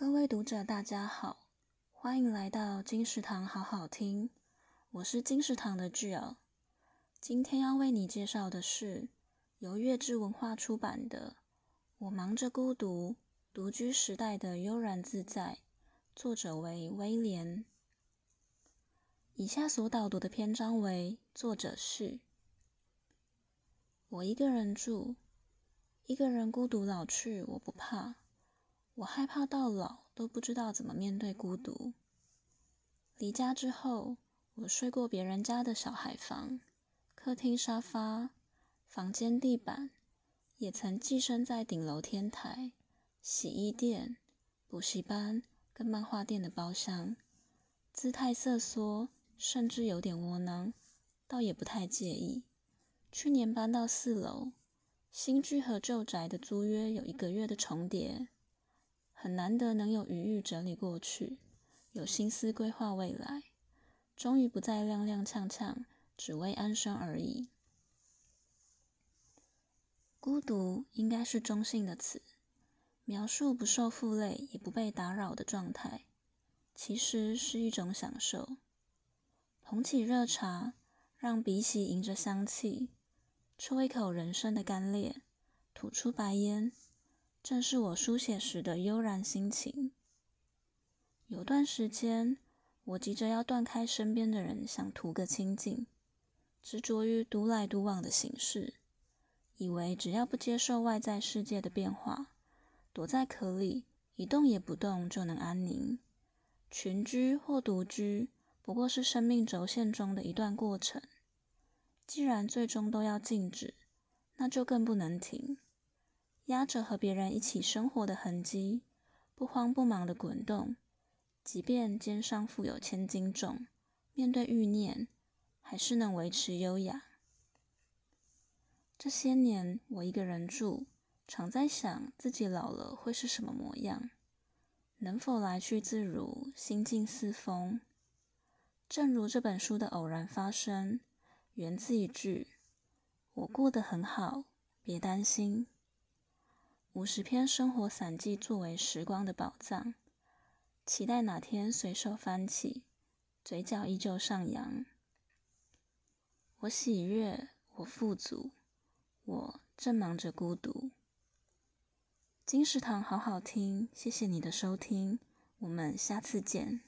各位讀者，大家好，歡迎來到金石堂好好聽，我是金石堂的巨耳。今天要為你介紹的是由悅知文化出版的《我忙着孤獨獨居時代的悠然自在》，作者為威廉。以下所導讀的篇章為作者序。我一個人住，一個人孤獨老去，我不怕。我害怕到老都不知道怎麼面對孤獨。離家之後，我睡過別人家的小孩房、客廳沙發、房間地板，也曾寄生在頂樓天台、洗衣店、補習班跟漫畫店的包廂。姿態瑟縮，甚至有點窩囊，倒也不太介意。去年搬到四樓，新居和舊宅的租約有一個月的重疊。很難得能有餘裕整理過去，有心思規劃未來，終於不再踉踉蹌蹌，只為安生而已。孤獨應該是中性的詞，描述不受負累也不被打擾的狀態，其實是一種享受。捧起熱茶，讓鼻息迎着香氣，抽一口人生的乾裂，吐出白煙。正是我書寫時的悠然心情。有段時間，我急着要斷開身邊的人，想圖個清靜，執着於獨來獨往的形式，以為只要不接受外在世界的變化，躲在殼裡一動也不動就能安寧。群居或獨居不過是生命軸線中的一段過程，既然最終都要靜止，那就更不能停。壓着和別人一起生活的痕跡，不慌不忙地滾動。即便肩上負有千斤重，面對慾念，還是能維持優雅。這些年我一個人住，常在想自己老了會是什麼模樣，能否來去自如，心境似風。正如這本書的偶然發生，源自一句：“我過得很好，別擔心。”五十篇生活散記，作為時光的寶藏，期待哪天隨手翻起，嘴角依舊上揚。我喜悅，我富足，我正忙着孤獨。金石堂好好聽，謝謝你的收聽，我們下次見。